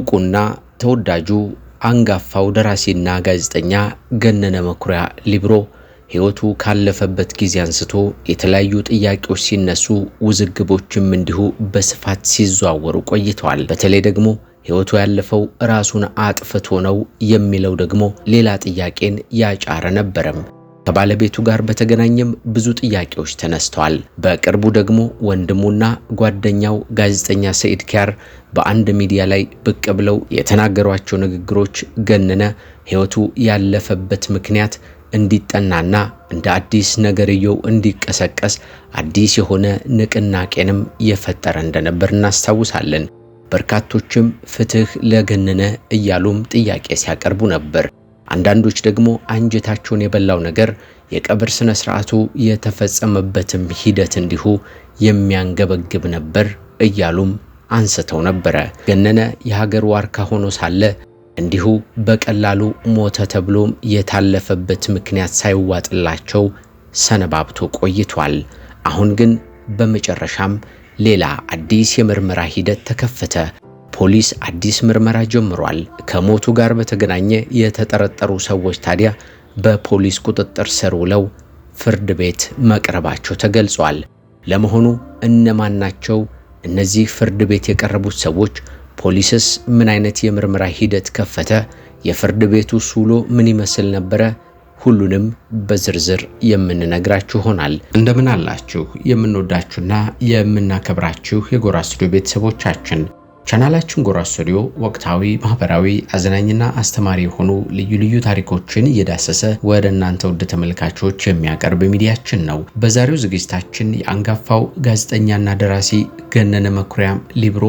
ዕውቁና ተወዳጁ አንጋፋው ደራሲና ጋዜጠኛ ገነነ መኩሪያ ሊብሮ ሕይወቱ ካለፈበት ጊዜ አንስቶ የተለያዩ ጥያቄዎች ሲነሱ፣ ውዝግቦችም እንዲሁ በስፋት ሲዘዋወሩ ቆይተዋል። በተለይ ደግሞ ሕይወቱ ያለፈው ራሱን አጥፍቶ ነው የሚለው ደግሞ ሌላ ጥያቄን ያጫረ ነበረም። ከባለቤቱ ጋር በተገናኘም ብዙ ጥያቄዎች ተነስተዋል። በቅርቡ ደግሞ ወንድሙና ጓደኛው ጋዜጠኛ ሰኢድ ኪያር በአንድ ሚዲያ ላይ ብቅ ብለው የተናገሯቸው ንግግሮች ገነነ ሕይወቱ ያለፈበት ምክንያት እንዲጠናና እንደ አዲስ ነገርየው እንዲቀሰቀስ አዲስ የሆነ ንቅናቄንም የፈጠረ እንደነበር እናስታውሳለን። በርካቶችም ፍትህ ለገነነ እያሉም ጥያቄ ሲያቀርቡ ነበር። አንዳንዶች ደግሞ አንጀታቸውን የበላው ነገር የቀብር ስነ ስርዓቱ የተፈጸመበትም ሂደት እንዲሁ የሚያንገበግብ ነበር እያሉም አንስተው ነበረ። ገነነ የሀገር ዋርካ ሆኖ ሳለ እንዲሁ በቀላሉ ሞተ ተብሎም የታለፈበት ምክንያት ሳይዋጥላቸው ሰነባብቶ ቆይቷል። አሁን ግን በመጨረሻም ሌላ አዲስ የምርመራ ሂደት ተከፈተ። ፖሊስ አዲስ ምርመራ ጀምሯል። ከሞቱ ጋር በተገናኘ የተጠረጠሩ ሰዎች ታዲያ በፖሊስ ቁጥጥር ስር ውለው ፍርድ ቤት መቅረባቸው ተገልጿል። ለመሆኑ እነማን ናቸው እነዚህ ፍርድ ቤት የቀረቡት ሰዎች? ፖሊስስ ምን አይነት የምርመራ ሂደት ከፈተ? የፍርድ ቤቱ ውሎ ምን ይመስል ነበረ? ሁሉንም በዝርዝር የምንነግራችሁ ይሆናል። እንደምን አላችሁ? የምንወዳችሁና የምናከብራችሁ የጎራ ስቱዲዮ ቤተሰቦቻችን ቻናላችን ጎራ ስቱዲዮ ወቅታዊ፣ ማህበራዊ፣ አዝናኝና አስተማሪ የሆኑ ልዩ ልዩ ታሪኮችን እየዳሰሰ ወደ እናንተ ውድ ተመልካቾች የሚያቀርብ ሚዲያችን ነው። በዛሬው ዝግጅታችን የአንጋፋው ጋዜጠኛና ደራሲ ገነነ መኩሪያም ሊብሮ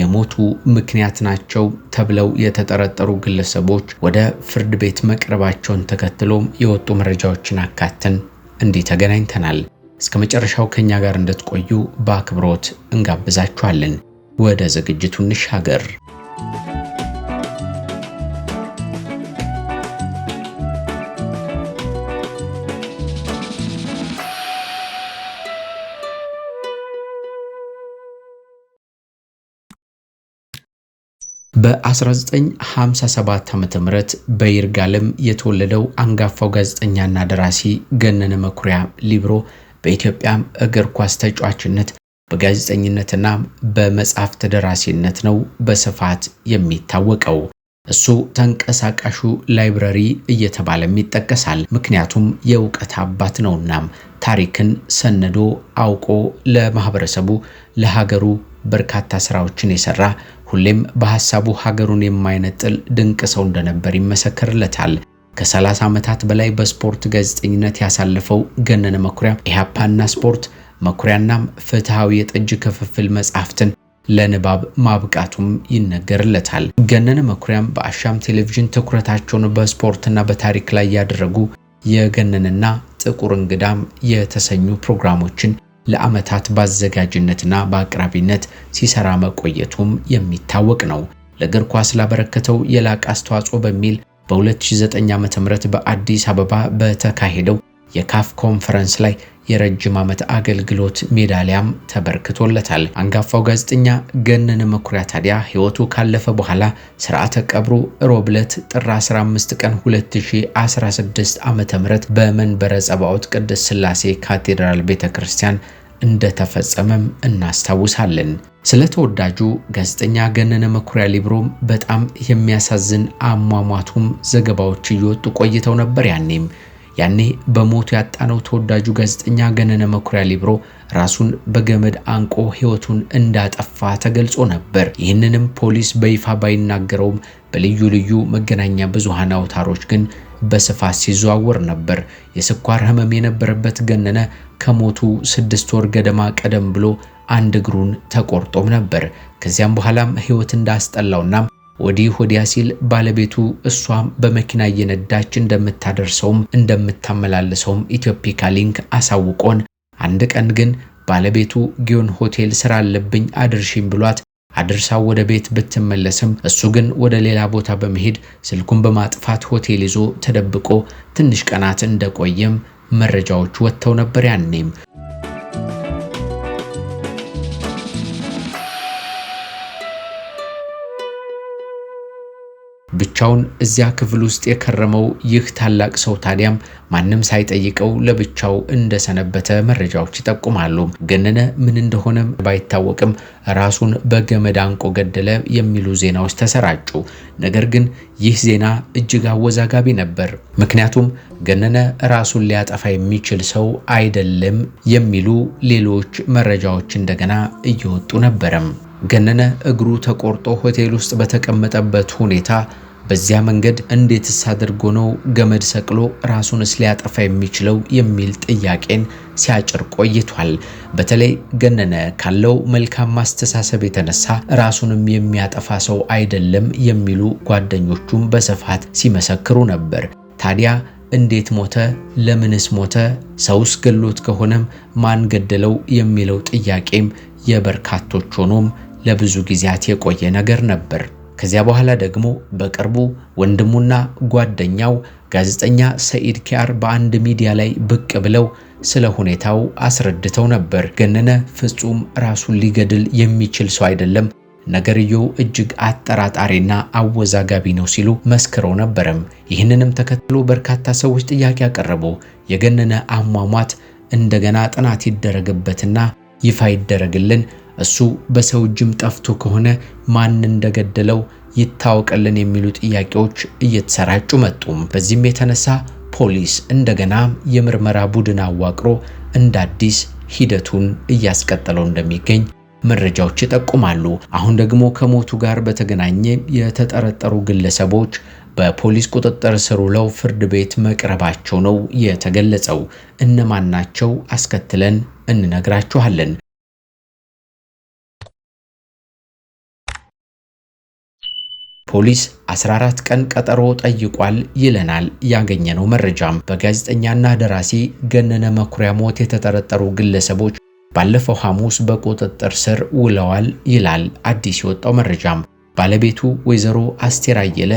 የሞቱ ምክንያት ናቸው ተብለው የተጠረጠሩ ግለሰቦች ወደ ፍርድ ቤት መቅረባቸውን ተከትሎም የወጡ መረጃዎችን አካተን እንዲህ ተገናኝተናል። እስከ መጨረሻው ከእኛ ጋር እንድትቆዩ በአክብሮት እንጋብዛችኋለን። ወደ ዝግጅቱ እንሻገር። በ1957 ዓ.ም በይርጋለም የተወለደው አንጋፋው ጋዜጠኛና ደራሲ ገነነ መኩሪያ ሊብሮ በኢትዮጵያም እግር ኳስ ተጫዋችነት በጋዜጠኝነትና በመጽሐፍ ተደራሲነት ነው በስፋት የሚታወቀው። እሱ ተንቀሳቃሹ ላይብረሪ እየተባለም ይጠቀሳል። ምክንያቱም የእውቀት አባት ነውና ታሪክን ሰንዶ አውቆ ለማህበረሰቡ ለሀገሩ በርካታ ስራዎችን የሰራ ሁሌም በሐሳቡ ሀገሩን የማይነጥል ድንቅ ሰው እንደነበር ይመሰከርለታል። ከ30 ዓመታት በላይ በስፖርት ጋዜጠኝነት ያሳለፈው ገነነ መኩሪያ ኢህአፓና ስፖርት መኩሪያናም ፍትሐዊ የጠጅ ክፍፍል መጽሐፍትን ለንባብ ማብቃቱም ይነገርለታል። ገነነ መኩሪያም በአሻም ቴሌቪዥን ትኩረታቸውን በስፖርትና በታሪክ ላይ ያደረጉ የገነንና ጥቁር እንግዳም የተሰኙ ፕሮግራሞችን ለዓመታት በአዘጋጅነትና በአቅራቢነት ሲሰራ መቆየቱም የሚታወቅ ነው። ለእግር ኳስ ላበረከተው የላቀ አስተዋጽኦ በሚል በ2009 ዓ.ም በአዲስ አበባ በተካሄደው የካፍ ኮንፈረንስ ላይ የረጅም ዓመት አገልግሎት ሜዳሊያም ተበርክቶለታል። አንጋፋው ጋዜጠኛ ገነነ መኩሪያ ታዲያ ሕይወቱ ካለፈ በኋላ ስርዓተ ቀብሩ ሮብለት ጥር 15 ቀን 2016 ዓ ም በመንበረ ጸባዖት ቅድስት ስላሴ ካቴድራል ቤተ ክርስቲያን እንደተፈጸመም እናስታውሳለን። ስለ ተወዳጁ ጋዜጠኛ ገነነ መኩሪያ ሊብሮም በጣም የሚያሳዝን አሟሟቱም ዘገባዎች እየወጡ ቆይተው ነበር ያኔም ያኔ በሞቱ ያጣነው ተወዳጁ ጋዜጠኛ ገነነ መኩሪያ ሊብሮ ራሱን በገመድ አንቆ ሕይወቱን እንዳጠፋ ተገልጾ ነበር። ይህንንም ፖሊስ በይፋ ባይናገረውም በልዩ ልዩ መገናኛ ብዙሃን አውታሮች ግን በስፋት ሲዘዋወር ነበር። የስኳር ህመም የነበረበት ገነነ ከሞቱ ስድስት ወር ገደማ ቀደም ብሎ አንድ እግሩን ተቆርጦም ነበር። ከዚያም በኋላም ሕይወት እንዳስጠላውና ወዲህ ወዲያ ሲል ባለቤቱ እሷም በመኪና እየነዳች እንደምታደርሰውም እንደምታመላልሰውም ኢትዮፒካ ሊንክ አሳውቆን፣ አንድ ቀን ግን ባለቤቱ ጊዮን ሆቴል ስራ አለብኝ አድርሽኝ ብሏት አድርሳው ወደ ቤት ብትመለስም እሱ ግን ወደ ሌላ ቦታ በመሄድ ስልኩን በማጥፋት ሆቴል ይዞ ተደብቆ ትንሽ ቀናት እንደቆየም መረጃዎች ወጥተው ነበር ያኔም ብቻውን እዚያ ክፍል ውስጥ የከረመው ይህ ታላቅ ሰው ታዲያም ማንም ሳይጠይቀው ለብቻው እንደሰነበተ መረጃዎች ይጠቁማሉ። ገነነ ምን እንደሆነ ባይታወቅም ራሱን በገመድ አንቆ ገደለ የሚሉ ዜናዎች ተሰራጩ። ነገር ግን ይህ ዜና እጅግ አወዛጋቢ ነበር። ምክንያቱም ገነነ ራሱን ሊያጠፋ የሚችል ሰው አይደለም የሚሉ ሌሎች መረጃዎች እንደገና እየወጡ ነበረም። ገነነ እግሩ ተቆርጦ ሆቴል ውስጥ በተቀመጠበት ሁኔታ በዚያ መንገድ እንዴትስ አድርጎ ነው ገመድ ሰቅሎ ራሱንስ ሊያጠፋ የሚችለው የሚል ጥያቄን ሲያጭር ቆይቷል። በተለይ ገነነ ካለው መልካም አስተሳሰብ የተነሳ ራሱንም የሚያጠፋ ሰው አይደለም የሚሉ ጓደኞቹም በስፋት ሲመሰክሩ ነበር። ታዲያ እንዴት ሞተ? ለምንስ ሞተ? ሰውስ ገሎት ከሆነም ማን ገደለው? የሚለው ጥያቄም የበርካቶች ሆኖም ለብዙ ጊዜያት የቆየ ነገር ነበር። ከዚያ በኋላ ደግሞ በቅርቡ ወንድሙና ጓደኛው ጋዜጠኛ ሰኢድ ኪያር በአንድ ሚዲያ ላይ ብቅ ብለው ስለ ሁኔታው አስረድተው ነበር። ገነነ ፍጹም ራሱን ሊገድል የሚችል ሰው አይደለም፣ ነገርየው እጅግ አጠራጣሪና አወዛጋቢ ነው ሲሉ መስክረው ነበረም። ይህንንም ተከትሎ በርካታ ሰዎች ጥያቄ ያቀረቡ የገነነ አሟሟት እንደገና ጥናት ይደረግበትና ይፋ ይደረግልን እሱ በሰው እጅም ጠፍቶ ከሆነ ማን እንደገደለው ይታወቅልን የሚሉ ጥያቄዎች እየተሰራጩ መጡ። በዚህም የተነሳ ፖሊስ እንደገና የምርመራ ቡድን አዋቅሮ እንደ አዲስ ሂደቱን እያስቀጠለው እንደሚገኝ መረጃዎች ይጠቁማሉ። አሁን ደግሞ ከሞቱ ጋር በተገናኘ የተጠረጠሩ ግለሰቦች በፖሊስ ቁጥጥር ስር ውለው ፍርድ ቤት መቅረባቸው ነው የተገለጸው። እነማን ናቸው? አስከትለን እንነግራችኋለን። ፖሊስ 14 ቀን ቀጠሮ ጠይቋል ይለናል ያገኘነው መረጃም። በጋዜጠኛና ደራሲ ገነነ መኩሪያ ሞት የተጠረጠሩ ግለሰቦች ባለፈው ሐሙስ በቁጥጥር ስር ውለዋል ይላል አዲስ የወጣው መረጃም። ባለቤቱ ወይዘሮ አስቴር አየለ፣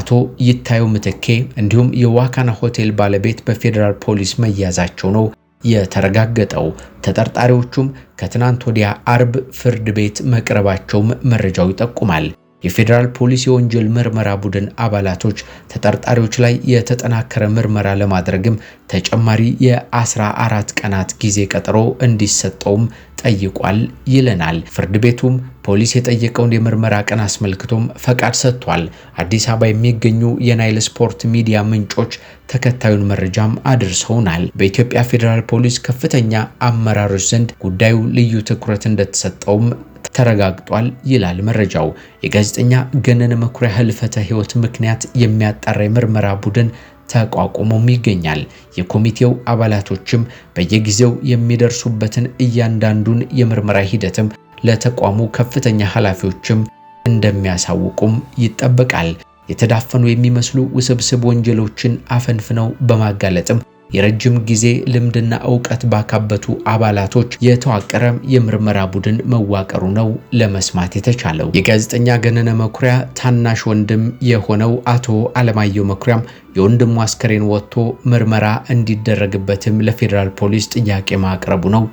አቶ ይታዩ ምትኬ እንዲሁም የዋካና ሆቴል ባለቤት በፌዴራል ፖሊስ መያዛቸው ነው የተረጋገጠው። ተጠርጣሪዎቹም ከትናንት ወዲያ አርብ ፍርድ ቤት መቅረባቸውም መረጃው ይጠቁማል። የፌዴራል ፖሊስ የወንጀል ምርመራ ቡድን አባላቶች ተጠርጣሪዎች ላይ የተጠናከረ ምርመራ ለማድረግም ተጨማሪ የአስራ 14 ቀናት ጊዜ ቀጠሮ እንዲሰጠውም ጠይቋል ይለናል። ፍርድ ቤቱም ፖሊስ የጠየቀውን የምርመራ ቀን አስመልክቶም ፈቃድ ሰጥቷል። አዲስ አበባ የሚገኙ የናይል ስፖርት ሚዲያ ምንጮች ተከታዩን መረጃም አድርሰውናል። በኢትዮጵያ ፌዴራል ፖሊስ ከፍተኛ አመራሮች ዘንድ ጉዳዩ ልዩ ትኩረት እንደተሰጠውም ተረጋግጧል ይላል መረጃው። የጋዜጠኛ ገነነ መኩሪያ ህልፈተ ህይወት ምክንያት የሚያጣራ የምርመራ ቡድን ተቋቁሞም ይገኛል። የኮሚቴው አባላቶችም በየጊዜው የሚደርሱበትን እያንዳንዱን የምርመራ ሂደትም ለተቋሙ ከፍተኛ ኃላፊዎችም እንደሚያሳውቁም ይጠበቃል። የተዳፈኑ የሚመስሉ ውስብስብ ወንጀሎችን አፈንፍነው በማጋለጥም የረጅም ጊዜ ልምድና እውቀት ባካበቱ አባላቶች የተዋቀረ የምርመራ ቡድን መዋቀሩ ነው ለመስማት የተቻለው። የጋዜጠኛ ገነነ መኩሪያ ታናሽ ወንድም የሆነው አቶ አለማየሁ መኩሪያም የወንድሙ አስከሬን ወጥቶ ምርመራ እንዲደረግበትም ለፌዴራል ፖሊስ ጥያቄ ማቅረቡ ነው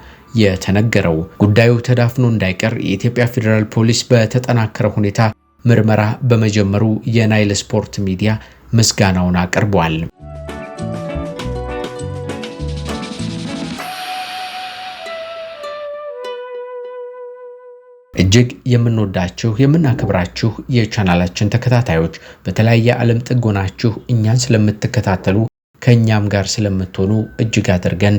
የተነገረው። ጉዳዩ ተዳፍኖ እንዳይቀር የኢትዮጵያ ፌዴራል ፖሊስ በተጠናከረ ሁኔታ ምርመራ በመጀመሩ የናይል ስፖርት ሚዲያ ምስጋናውን አቅርቧል። እጅግ የምንወዳችሁ የምናከብራችሁ የቻናላችን ተከታታዮች በተለያየ ዓለም ጥጎናችሁ እኛን ስለምትከታተሉ ከእኛም ጋር ስለምትሆኑ እጅግ አድርገን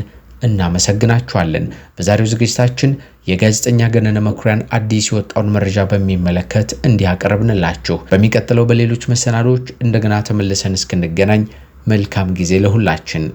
እናመሰግናችኋለን። በዛሬው ዝግጅታችን የጋዜጠኛ ገነነ መኩሪያን አዲስ የወጣውን መረጃ በሚመለከት እንዲያቀርብንላችሁ፣ በሚቀጥለው በሌሎች መሰናዶች እንደገና ተመልሰን እስክንገናኝ መልካም ጊዜ ለሁላችን።